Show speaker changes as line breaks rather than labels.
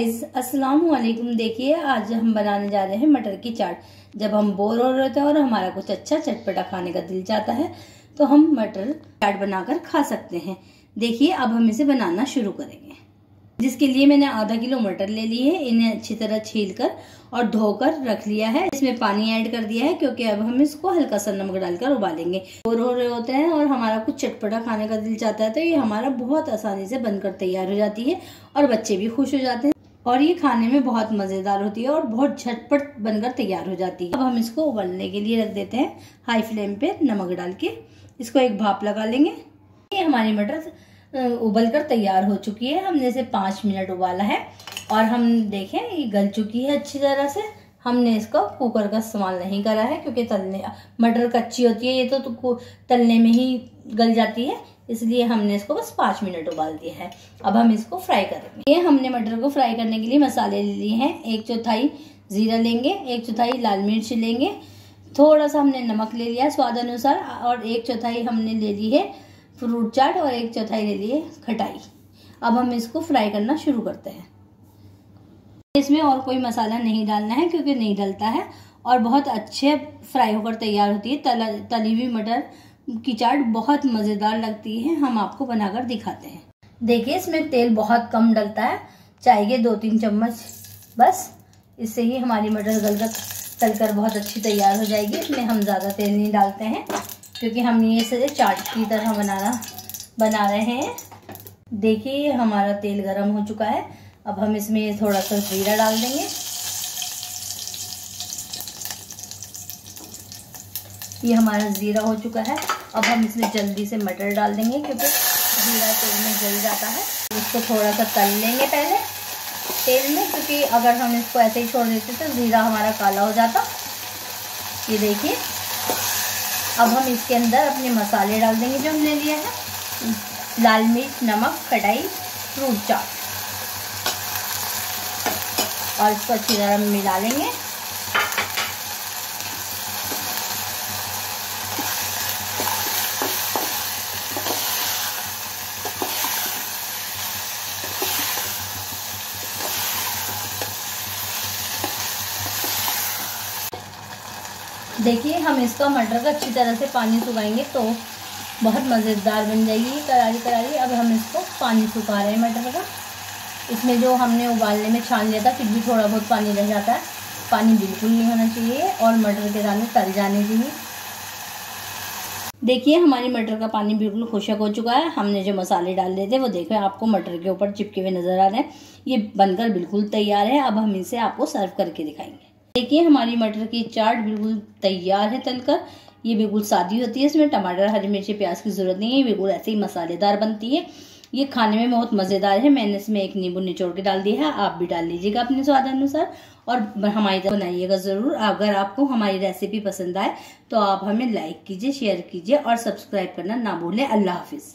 अस्सलाम वालेकुम देखिए आज हम बनाने जा रहे हैं मटर की चाट जब हम बोर हो रहे थे और हमारा कुछ अच्छा चटपटा खाने का दिल चाहता है तो हम मटर चाट बनाकर खा सकते हैं देखिए अब हम इसे बनाना शुरू करेंगे जिसके लिए मैंने आधा किलो मटर ले लिए है इन्हें अच्छी तरह छील कर और धोकर रख लिया है इसमें पानी ऐड कर दिया है क्योंकि अब हम इसको हल्का सा नमक डालकर उबालेंगे बोर हो रहे होते हैं और हमारा कुछ चटपटा खाने का दिल चाहता है तो ये हमारा बहुत आसानी से बनकर तैयार हो जाती है और बच्चे भी खुश हो जाते हैं और ये खाने में बहुत मज़ेदार होती है और बहुत झटपट बनकर तैयार हो जाती है अब हम इसको उबलने के लिए रख देते हैं हाई फ्लेम पे नमक डाल के इसको एक भाप लगा लेंगे ये हमारी मटर उबल कर तैयार हो चुकी है हमने इसे पाँच मिनट उबाला है और हम देखें ये गल चुकी है अच्छी तरह से हमने इसका कुकर का इस्तेमाल नहीं करा है क्योंकि तलने मटर कच्ची होती है ये तो, तो तलने में ही गल जाती है इसलिए हमने इसको बस पाँच मिनट उबाल दिया है अब हम इसको फ्राई करेंगे ये हमने मटर को फ्राई करने के लिए मसाले ले लिए हैं एक चौथाई ज़ीरा लेंगे एक चौथाई लाल मिर्च लेंगे थोड़ा सा हमने नमक ले लिया स्वाद अनुसार और एक चौथाई हमने ले ली है फ्रूट चाट और एक चौथाई ले ली है खटाई अब हम इसको फ्राई करना शुरू करते हैं इसमें और कोई मसाला नहीं डालना है क्योंकि नहीं डलता है और बहुत अच्छे फ्राई होकर तैयार होती है तला तली हुई मटर की चाट बहुत मज़ेदार लगती है हम आपको बनाकर दिखाते हैं देखिए इसमें तेल बहुत कम डलता है चाहिए दो तीन चम्मच बस इससे ही हमारी मटर गलगल कर बहुत अच्छी तैयार हो जाएगी इसमें हम ज़्यादा तेल नहीं डालते हैं क्योंकि हम ये सजे चाट की तरह बनाना बना रहे हैं देखिए हमारा तेल गर्म हो चुका है अब हम इसमें थोड़ा सा जीरा डाल देंगे ये हमारा ज़ीरा हो चुका है अब हम इसमें जल्दी से मटर डाल देंगे क्योंकि ज़ीरा तेल में जल जाता है इसको थोड़ा सा तल लेंगे पहले तेल में क्योंकि अगर हम इसको ऐसे ही छोड़ देते तो ज़ीरा हमारा काला हो जाता ये देखिए अब हम इसके अंदर अपने मसाले डाल देंगे जो हमने लिए हैं लाल मिर्च नमक कटाई फ्रूट चाट और इसको अच्छी तरह मिला लेंगे देखिए हम इसका मटर का अच्छी तरह से पानी सुखाएंगे तो बहुत मज़ेदार बन जाएगी करारी करारी अब हम इसको पानी सुखा रहे हैं मटर का इसमें जो हमने उबालने में छान लिया था फिर भी थोड़ा बहुत पानी रह जाता है पानी बिल्कुल नहीं होना चाहिए और मटर के दाने तल जाने चाहिए देखिए हमारी मटर का पानी बिल्कुल खुशक हो चुका है हमने जो मसाले डाल दिए थे वो देखो आपको मटर के ऊपर चिपके हुए नज़र आ रहे हैं ये बनकर बिल्कुल तैयार है अब हम इसे आपको सर्व करके दिखाएंगे देखिए हमारी मटर की चाट बिल्कुल तैयार है तलकर ये बिल्कुल सादी होती है इसमें टमाटर हरी मिर्ची प्याज की ज़रूरत नहीं है बिल्कुल ऐसे ही मसालेदार बनती है ये खाने में बहुत मज़ेदार है मैंने इसमें एक नींबू निचोड़ के डाल दिया है आप भी डाल लीजिएगा अपने स्वाद अनुसार और हमारी बनाइएगा ज़रूर अगर आपको हमारी रेसिपी पसंद आए तो आप हमें लाइक कीजिए शेयर कीजिए और सब्सक्राइब करना ना भूलें अल्लाह हाफिज़